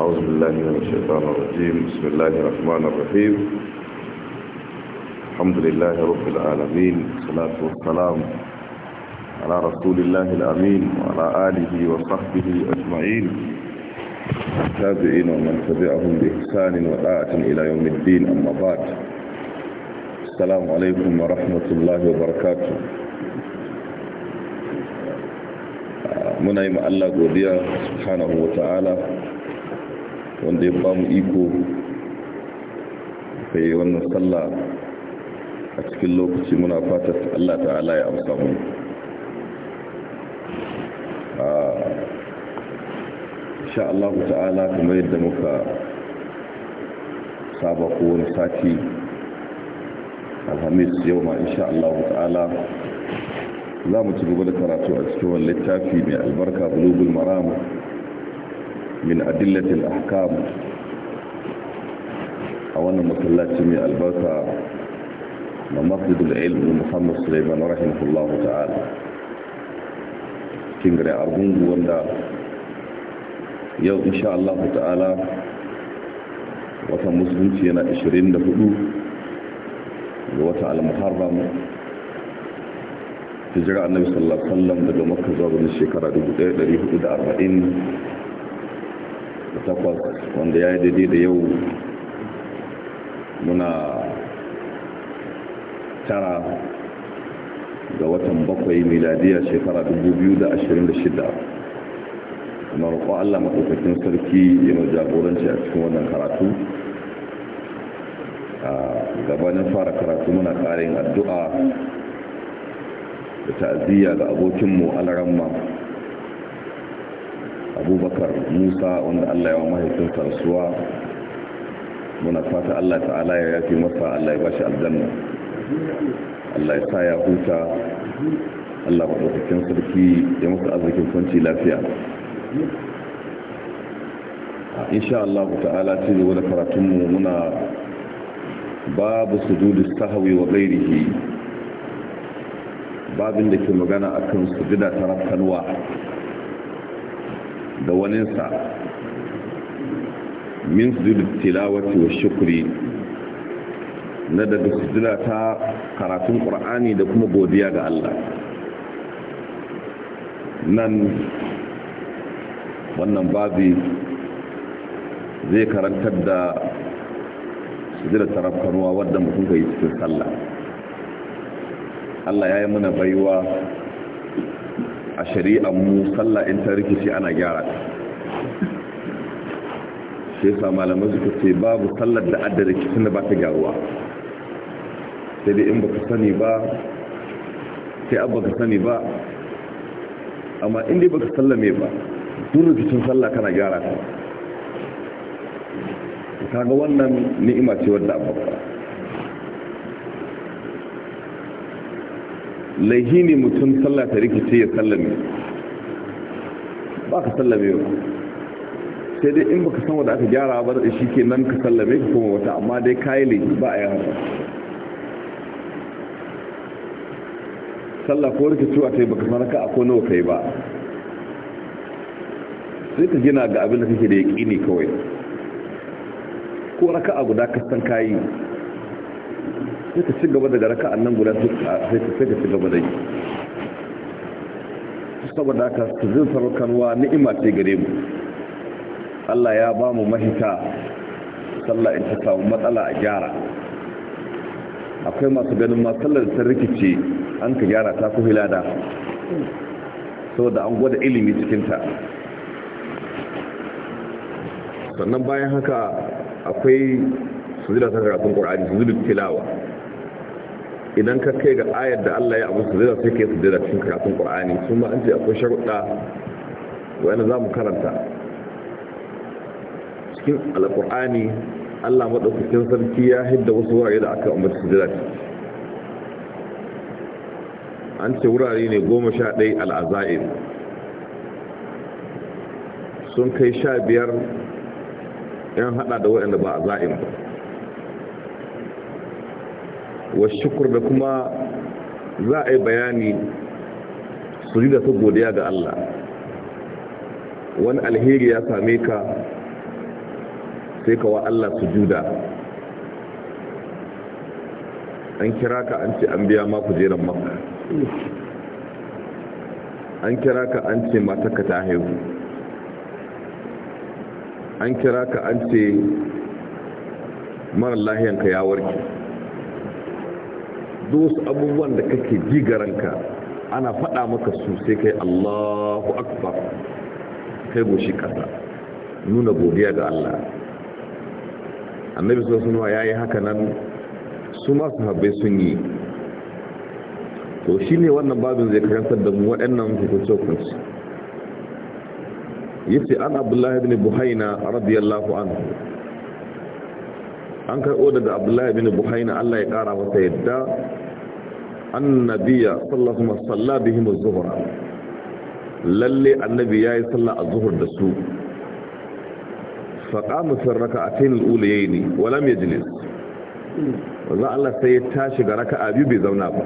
أعوذ بالله من الشيطان الرجيم بسم الله الرحمن الرحيم الحمد لله رب العالمين والصلاة والسلام على رسول الله الأمين وعلى آله وصحبه أجمعين التابعين ومن تبعهم بإحسان وطاعة إلى يوم الدين أما بعد السلام عليكم ورحمة الله وبركاته muna yi Allah سبحانه وتعالى wanda ya bamu iko yi wannan sallah a cikin lokaci muna fata Allah ta'ala ya amsa mu insha Allah ta'ala kamar yadda muka saba wani sati alhamis yau ma insha Allah ta'ala za mu ci gaba da karatu a cikin wani littafi mai albarka bulugul maram min adillatil ahkam a wannan masallaci mai albarka na masjidul ilm muhammad suleiman rahimahullahu ta'ala cikin gare argungu wanda yau insha Allah ta'ala watan musulunci yana 24 ga wata al-muharram hijira annabi sallallahu alaihi wasallam daga makka zuwa ga shekara 1440 takwas wanda ya yi daidai da yau muna tara ga watan bakwai miladiya shekara da da ashirin 2026 na roƙo allah maɗaukakin sarki mai jagoranci a cikin wannan karatu a gabanin fara karatu muna ƙarin addu'a da ta'aziyya ga abokinmu alaramma abubakar musa wanda allah yawan mahaifinsa rasuwa muna fata allah ta'ala ya yafi masa allah ya bashi aljanna allah ya sa ya huta allah maɗaukakin sarki ya masa arzikin kwanci lafiya insha allah ta'ala ce gaba da karatunmu muna babu sujudu sahawi wa ghairihi babin da ke magana akan gida ta rafkanwa da waninsa min sujud tilawati wa shukri na daga sujjada ta karatun ƙur'ani da kuma godiya ga Allah nan wannan babi zai karantar da ta rafkanuwa wadda mutum ka yi cikin sallah Allah ya yi mana baiwa a shari'a mu sallah in ta rikici ana gyara ta shi yasa malamai suka ce babu sallar da adda rikicin da ba ta gyaruwa sai dai in ba ka sani ba sai abba ka sani ba amma inda baka mai ba duk rikicin sallah kana gyara ta kaga wannan ni'ima ce wadda abba laihi ne mutum sallah ta rikice ya sallame ba ka sallame ba sai dai in baka san wanda aka gyara ba da shi ke nan ka sallame ka kuma wata amma dai kayi laihi ba a yi haka sallah ko cewa ta yi baka san raka a ko nawa kai ba sai ka gina ga abin da kake da ne kawai ko raka a guda kastan kayi sai ka ci gaba daga a nan guda sai ka ci gaba da yi saboda haka zin saraukarwa ni'ima ce gare mu Allah ya ba mu mahita sallah in ta samu matsala a gyara akwai masu ganin ma sallar ta rikici an ka gyara ta ku hilada saboda an gwada ilimi cikinta sannan bayan haka akwai su zira ta karatun ƙwararri su zira tilawa idan ka kai ga ayar da Allah ya abu su zira sai ka yi su zira cikin karatun ƙwa'ani sun ma an ce akwai sharuɗa wani za mu karanta cikin alƙwa'ani Allah maɗaukakin sarki ya hidda wasu wurare da aka umar su zira an ce wurare ne goma sha ɗaya al'aza'ir sun kai sha biyar yan haɗa da waɗanda ba a za'in ba wa shukur da kuma za a yi bayani su da su godiya ga Allah wani alheri ya same ka sai ka wa Allah su juda an kira ka an ce an biya maku jeren maka an kira ka an ce matakka ta haihu an kira ka an ce mara lahiyanka ya warke duk wasu abubuwan da kake ji garanka ana faɗa maka su sai kai Allahu akbar kai goshi ƙasa nuna godiya ga Allah annabi sallallahu alaihi wasallam yayi haka nan su ma sahabbai sun yi to shine wannan babin zai karantar da mu waɗannan hukunce hukunci yace an Abdullahi ibn Buhaina radiyallahu anhu an karɓo daga abdullahi bin buhaini allah ya ƙara masa yadda annabiya sallallahu alaihi wasallam bihim az-zuhra lalle annabi yayi sallah az-zuhr da su faqama fi rak'atayn al-ulayayn wa lam yajlis wanda Allah sai ya tashi ga raka'a biyu bai zauna ba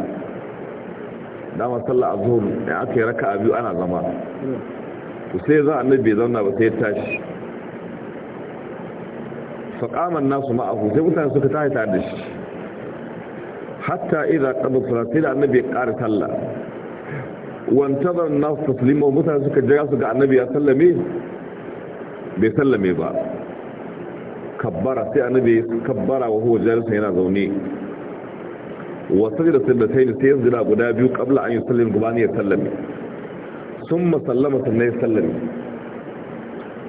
dama sallah az-zuhr ya aka yi raka'a biyu ana zama sai za annabi bai zauna ba sai ya tashi faƙaman nasu ma'ahu sai mutane suka ta tare da shi hatta idan ƙadar sura sai da annabi ya ƙara sallah wantazar nasu taslima mutane suka jira su ga annabi ya sallame bai sallame ba kabbara sai annabi ya kabbara wa huwa jarisa yana zaune wasu da sai da sai yanzu da guda biyu kabla an yusallim gubani ya sallame sun masallama sannan ya sallame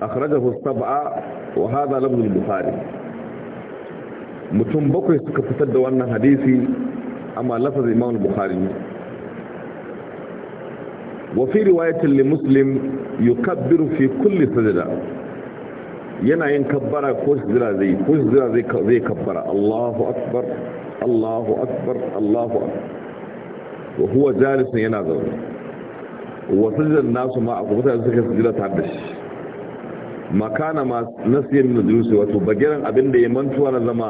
أخرجه السبعة وهذا لفظ البخاري متن بكرة سكتتد وأن حديثي أما لفظ الإمام البخاري وفي رواية لمسلم يكبر في كل سجدة ينا ينكبر كوش زرا زي كوش زرا زي كبر الله أكبر الله أكبر الله أكبر وهو جالس ينا وسجد الناس ما أقبطها سجدة تعبش makana ma nasiyar najusi wato bagiran abin da ya mantuwa na zama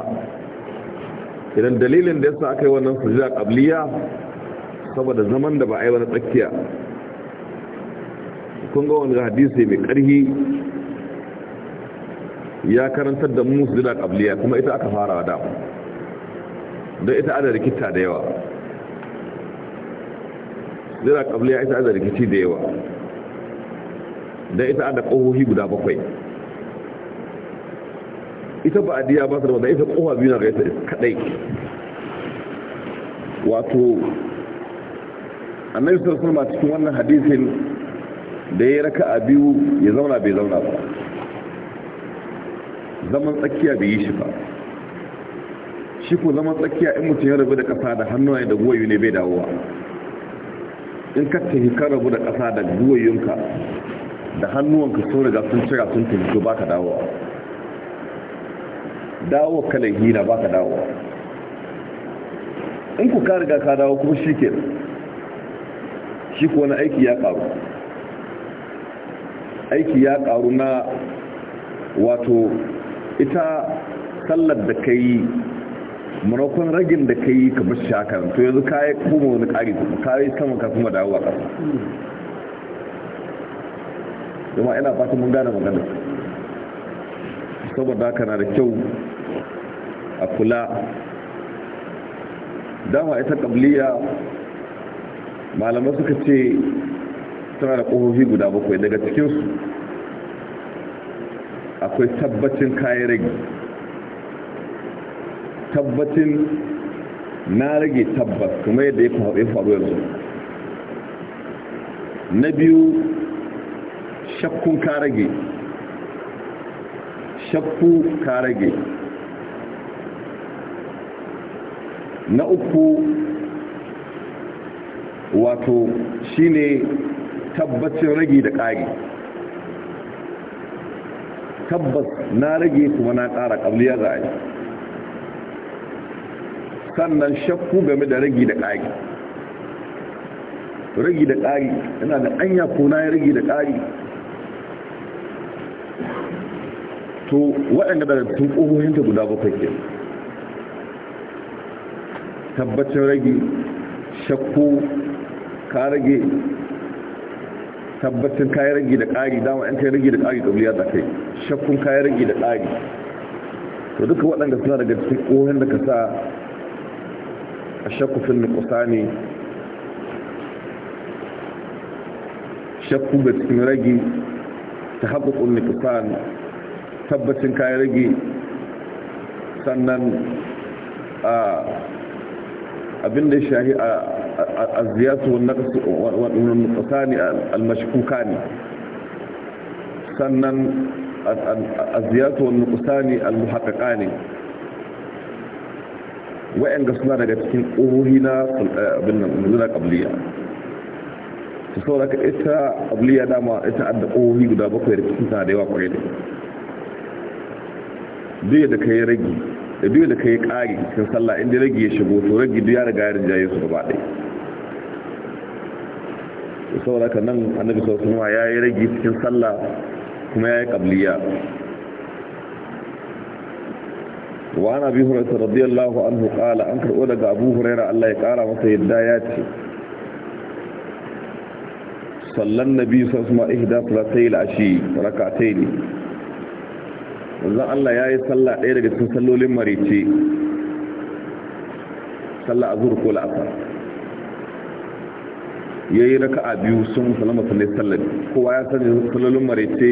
idan dalilin da yasa aka yi wannan sujada kabliya saboda zaman da ba a yi wani tsakiya kun ga wani hadisi mai karhi ya karantar da mu sujada kabliya kuma ita aka fara da don ita ana rikita da yawa sujada kabliya ita ana rikici da yawa don ita ana kohohi guda bakwai ita ba diya ba su da wanda ita kowa biyu na gaisa kadai wato annabi sallallahu alaihi cikin wannan hadisin da ya raka a biyu ya zauna bai zauna ba zaman tsakiya bai yi shi ba shi ko zaman tsakiya in mutum ya rabu da ƙasa da hannuwa da guwayu ne bai dawowa in ka tafi ka rabu da ƙasa da guwayunka da hannuwanka sun riga sun cira sun tafi ba ka dawowa dawo kalan hina ba ka dawo in ku ka ka dawo kuma shi ke shi ko wani aiki ya karu aiki ya karu na wato ita sallar da ka yi manakon ragin da ka yi kamar shakar to yanzu ka yi kuma wani kari kuma ka yi sama ka kuma dawo a kasa yamma ina fata mun gane magana saboda haka na da kyau kula dama ita kabliya malamai suka ce tana da ƙofofi guda bakwai daga cikinsu akwai tabbacin kayan rage tabbacin na rage tabbas kuma yadda ya faru yanzu na biyu shakkun ka rage shakku ka rage na uku wato shine tabbacin rage da ƙari tabbas na rage kuma na ƙara ƙabliya za a yi sannan shakku game da rage da ƙari rage da ƙari yana da anya ko na ya rage da ƙari to waɗanda da tun ƙohohinta guda bakwai kenan tabbacin rage shakku ka rage tabbacin kayan rage da ƙari dama yan kayan rage da ƙari ƙabliya da kai shakkun kayan rage da ƙari to duka waɗanda suna daga cikin ƙohon da ka sa a shakku fil nukusa ne shakku ga cikin rage ta haƙuƙun nukusa tabbacin kayan rage sannan a ah, abin da ya shahi a ziyarsu wannan nutsasa ne almashuka ne sannan a ziyarsu wannan nutsasa ne almuhaƙaƙa ne wa'yan ga suna daga cikin ƙohohi na eh, abin nan nuna ƙabliya ta saura ka ita ƙabliya dama ita da ƙohohi guda bakwai da cikin tana da yawa ƙwarai da ya da ka yi rage da duk da kai kari cikin sallah inda rage ya shigo to rage duk ya riga ya rinjaye su gaba ɗaya to sau da nan annabi sau sun ya yi rage cikin sallah kuma ya yi kabliya wa ana bi hurarsa radiyallahu an hukala an karɓo daga abu hurera allah ya kara masa yadda ya ce sallan nabi sau sun ma ihda sulatai la'ashi rakatai ne manzon Allah ya yi sallah ɗaya daga cikin sallolin marice sallah azhur ko la'asar ya yi raka a biyu sun salamata ne tsallar kowa ya sanya sallolin marice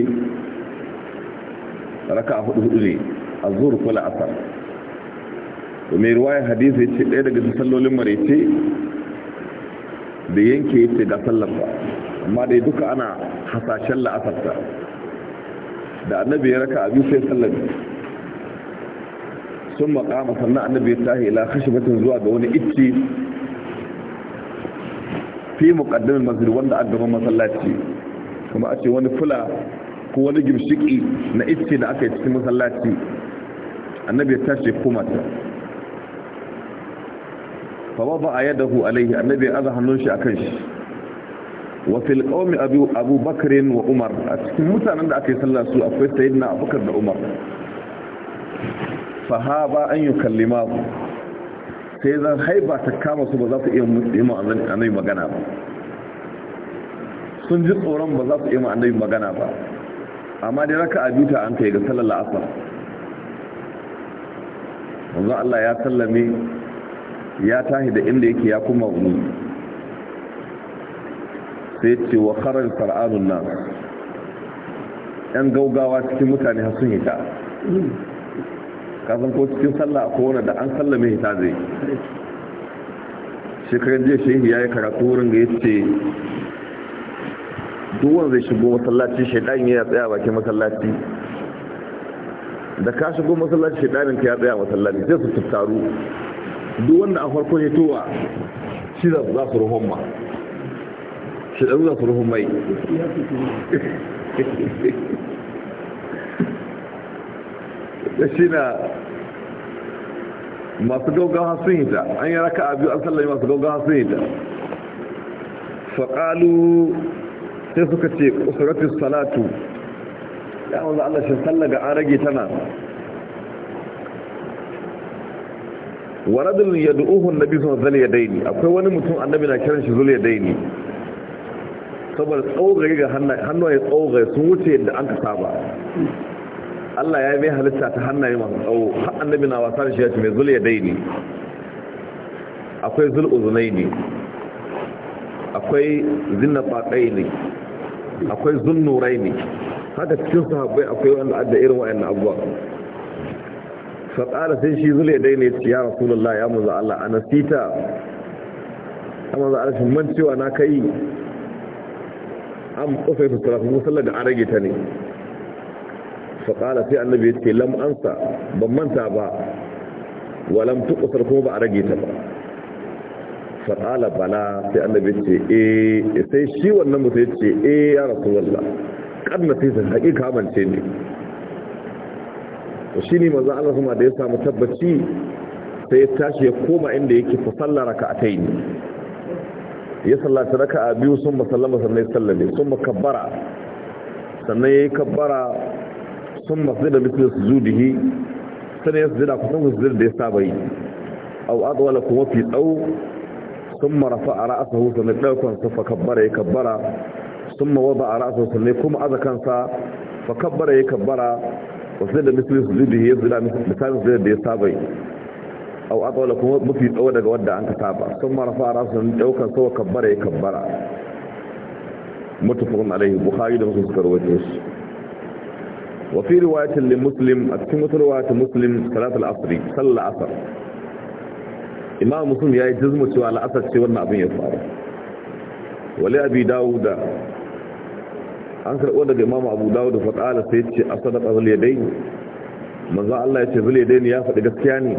raka a hudu hudu ne azhur ko la'asar da mai ruwaya hadisi ya ce ɗaya daga cikin sallolin marice da yanke ya ce ga sallar ba amma dai duka ana hasashen la'asarta da annabi ya raka abin sai sallami sun makama sannan annabi ya tahi ila kashi khashibatin zuwa ga wani icci fi muqaddamin masjid wanda an addaban masallaci kuma a ce wani fula ko wani gimshiki na icce da aka yi cikin masallaci annabi ya tashi kuma ta fa wada yadahu alaihi annabi ya aza hannun shi akan shi wa fil qawmi abu bakr wa umar a cikin mutanen da ake sallah su akwai sayyidina abubakar da umar fa ha ba an yi kallima sai zan haiba ta kama su ba za su iya mutsima a magana ba sun ji tsoron ba za su iya ma magana ba amma dai raka a biyu ta an kai ga sallar la'asar wanzu allah ya sallame ya tahi da inda yake ya kuma wuni sai ce wa karar fara'anun nan yan gaugawa cikin mutane har sun hita kasan ko cikin sallah ko wani da an sallame hita zai shekarar jiya shehi ya yi karatu wurin ga ya ce duwan zai shigo masallaci shaidan ya tsaya bakin masallaci da ka shigo masallaci shaidanin ka ya tsaya masallaci Zai su tattaru duk wanda a farko ya towa shi za su ruhon ma su ɗaruwa su ruhun mai da shi na masu gaugawa sun hita an yi raka abu an sallari masu gaugawa sun hita faƙalu sai suka ce ƙusuratun salatu ya wanzu allah shi sallaga an rage tana wa radulun yad'uhu an-nabi sallallahu alaihi wasallam akwai wani mutum annabi na kiran shi zul yadaini saboda tsogari ga hannaye tsogari sun wuce yadda an ka saba Allah ya mai halitta ta hannaye masu tsawo har annabi bina wasa da shi ya ce mai zul ya daini akwai zul uzunai ne akwai zinna faɗai ne akwai zun nurai ne haka cikin sahabbai akwai wanda adda irin na abuwa faɗaɗa sai shi zule dai ne ya rasulullah ya muza Allah a nasita a maza a man cewa na kai an kusa ta tara kuma sallar da an rage ta ne faƙala sai annabi ya ce lam ansa ban manta ba wa lam tuqsar kuma ba a rage ta ba faƙala bala sai annabi ya ce eh sai shi wannan mutum ya ce eh ya rasulullah kadna sai san hakika mance ne to ne manzo Allah da ya samu tabbaci sai ya tashi ya koma inda yake fa sallar raka'atayn ya sallaci raka a biyu sun masallama sannan ya sallame sun makabbara sannan ya yi kabbara sun masu da mitin su zudihi sannan ya su sujada kusan sujada da ya saba yi au adwala kuma fi tsawo sun marafa a ra'asa hu sannan ɗaukon sa fakabbara ya kabbara sun mawaba a ra'asa sannan kuma aza kansa fakabbara ya kabbara wasu da mitin su zudihi ya sujada misalin sujada da ya saba yi aw atwala kuma mafi tsawo daga wadda an ka saba sun marafa rasun daukar sawa kabbara ya kabbara mutafakun alaihi bukhari da musu suka rawaito shi wa fi riwayatin li muslim a cikin wata riwayatin muslim salat al-asri sallar asar imam muslim ya yi jazmu cewa al'asar ce wannan abin ya faru wali abi dawuda an karɓo daga imam abu dawuda fa qala sai ce asadaq al-yadayn manzo Allah ya ce zule dai ya faɗi gaskiya ne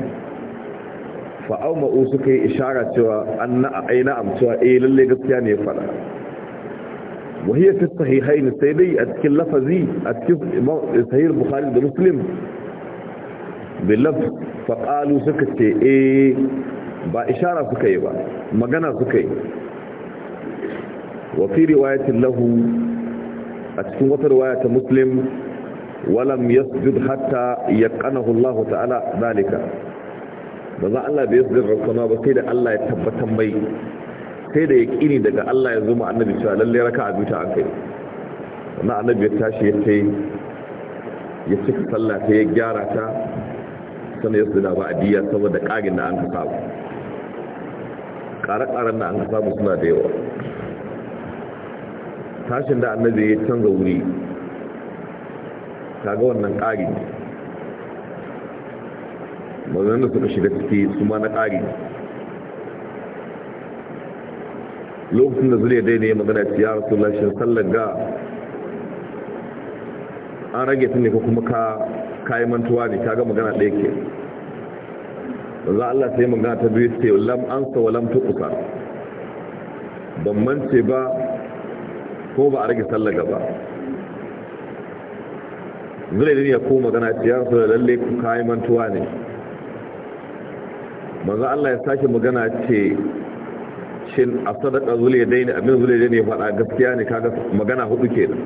ma’u suka yi ishara cewa an aina amcewa yi eh, lalle gaskiya ne ya fada wahiyya ta sahihaini sai dai a cikin lafazi a cikin sahihar bukhari da muslim bilaf faƙalu suka ce a eh, ba ishara suka yi ba magana suka yi wafi riwayatin lahu a cikin wata riwaya ta muslim walam yasjud hatta yaqanahu allahu ta'ala zalika za Allah bai zai rakona ba sai da Allah ya tabbatar mai sai da ya kini daga Allah ya zuma annabi cewa lalle a biyu ta kai wannan annabi ya tashi ya ce ya cika sallah sai ya gyara ta sannan ya suna ba adiya saboda ƙagin da an ka samu ƙare na da an ka samu suna da yawa tashin da annabi ya canza wuri ta ga wannan ƙagin. mazan da suka shiga ciki su ma na ƙari lokacin da zuriya daidai ya magana ce ya rasu lashin sallar ga an rage tun ne ko kuma ka kayi mantuwa ne ka ga magana ɗaya ke za Allah sai magana ta biyu ce lam an sawa lam kusa ban mance ba ko ba a rage sallar gaba zai ya ko magana ce ya rasu lalle ku kayi mantuwa ne manzo Allah ya sake magana ce shin a sadaka zule dai ne abin zule dai ne faɗa gaskiya ne kaga magana hudu kenan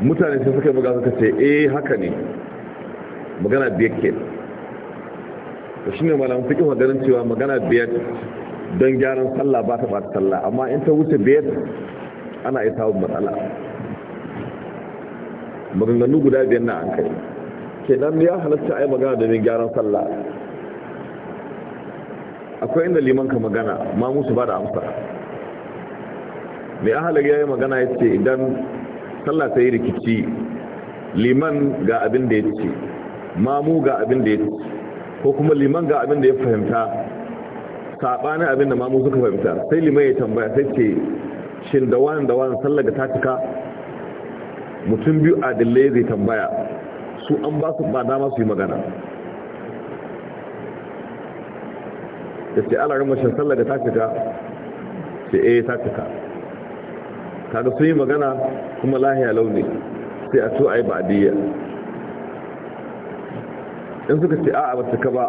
mutane sun suka buga suka ce eh haka ne magana biyar kenan to shine malam fiqh maganin cewa magana biyar don gyaran sallah ba ta bata sallah amma in ta wuce biyar ana iya samun matsala maganganu guda biyar na an kai ke dan ya halatta a yi magana domin gyaran sallah akwai inda liman ka magana ma musu ba da amsa mai ahalar ya yi magana ya ce idan sallah ta yi rikici liman ga abin da ya ce mamu ga abin da ya ce ko kuma liman ga abin da ya fahimta saɓanin abin da mamu suka fahimta sai liman ya tambaya sai ce shin da wani da wani sallah ga ta cika mutum biyu adillai zai tambaya su an ba su ba dama su yi magana da ce ala ramashin sallar da ta ce eh takaka fita su sun yi magana kuma lahiya launi sai a ba a yi in suka ce a'a ba ka ba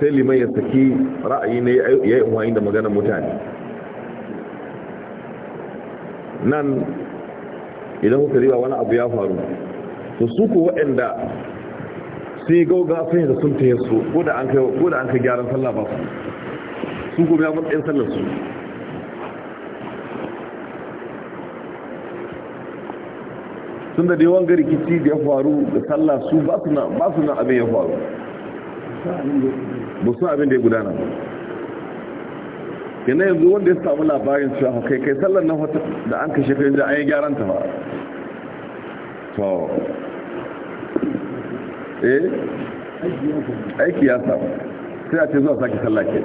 sai liman ya saki ra'ayi ne ya yi umarni da maganar mutane nan idan kuka riba wani abu ya faru to su ku waɗanda sai gauga sun yi da sun taye su ko da an kai gyaran sallah ba su kuma ya matsayin sallar su sun da dewan gari kiti da ya faru da sallah su ba su na abin ya faru ba su abin da ya gudana yana yanzu wanda ya samu labarin cewa kai kai sallar na wata da an kashe kai da an yi gyaran ta ba eh aiki ya samu sai a ce zuwa sake sallah ke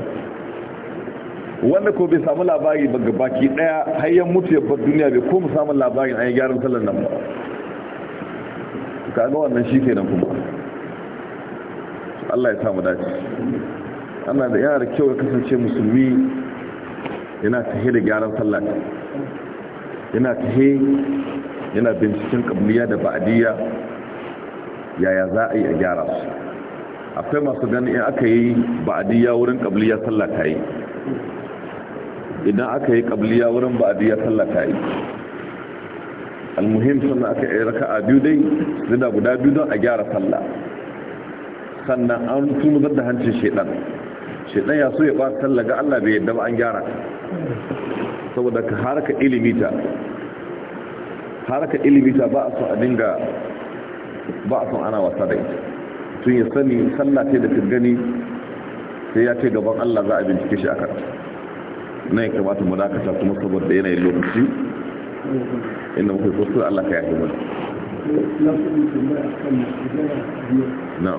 wanda ko bai samu labari ba baki daya hayyan mutu ya bar duniya bai ko mu samu labarin an yi gyaran sallar nan ba kaga wannan shi nan kuma Allah ya samu dace ana da yana da kyau ya kasance musulmi yana tahe da gyaran sallah yana tahe yana binciken kabliya da ba'adiyya yaya za a yi a gyara su akwai masu gani in aka yi ba'adiyya wurin ƙabliya sallah ta yi idan aka yi ƙabliya wurin ba'adiyya sallah ta yi almuhim sannan aka yi raka a biyu dai zina guda biyu don a gyara sallah sannan an tunuzar da hancin shaidan shaidan ya so ya ba sallah ga allah bai yadda ba an gyara saboda ka haraka ilimita, haraka ilimita ba a so a dinga ba a son ana wasa da ita tun ya sani sallah ce da ta gani sai ya ce gaban Allah za a bincike shi a kan. na ya kamata mu dakata kuma saboda yanayin lokaci inda muka kusur Allah ka yafi mana na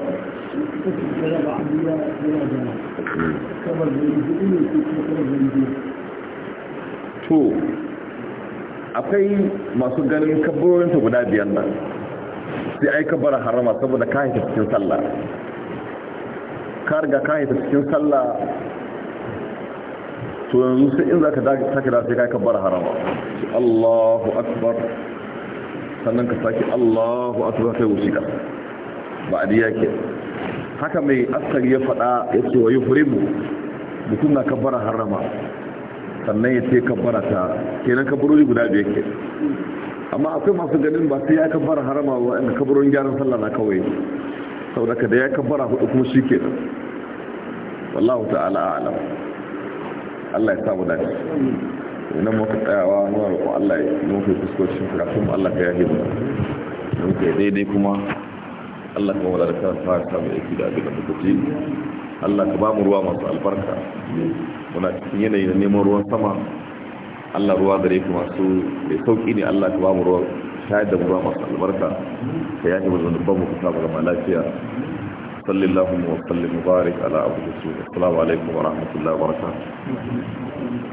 to akwai masu ganin kabbarorinta guda biyan nan sai ai ka bara harama saboda ka haita cikin sallah ka riga ka haita cikin sallah to yanzu sai in za ka sake da sai ka ka bara harama Allahu akbar sannan ka sake Allahu akbar kai wuce ka ba adiya ke haka mai askari ya faɗa ya ce wa yi hurimu mutum na kabbara harama sannan ya ce kabbara ta kenan kabbarori guda biyar ke amma akwai masu ganin ba sai ya kabbara harama wa ɗan kaburin gyaran sallah na kawai saboda ka da ya kabbara hudu kuma shi ke wallahu ta'ala alam Allah ya samu dace idan muka tsayawa muna roƙon Allah ya muka kafin karatun Allah ka yaje mu don ka daidai kuma Allah ka wadar da kan fara samu aiki da abin da kuke Allah ka ba mu ruwa masu albarka muna cikin yanayi na neman ruwan sama Allah ruwa gare ku masu mai sauki ne Allah ka ba mu ruwa shayar da mu ruwa masu albarka ta yaki mu zanen ban mu kusa mu gama lafiya sallallahu wa sallim mubarak ala abu da su assalamu alaikum wa rahmatullahi wa barakatuh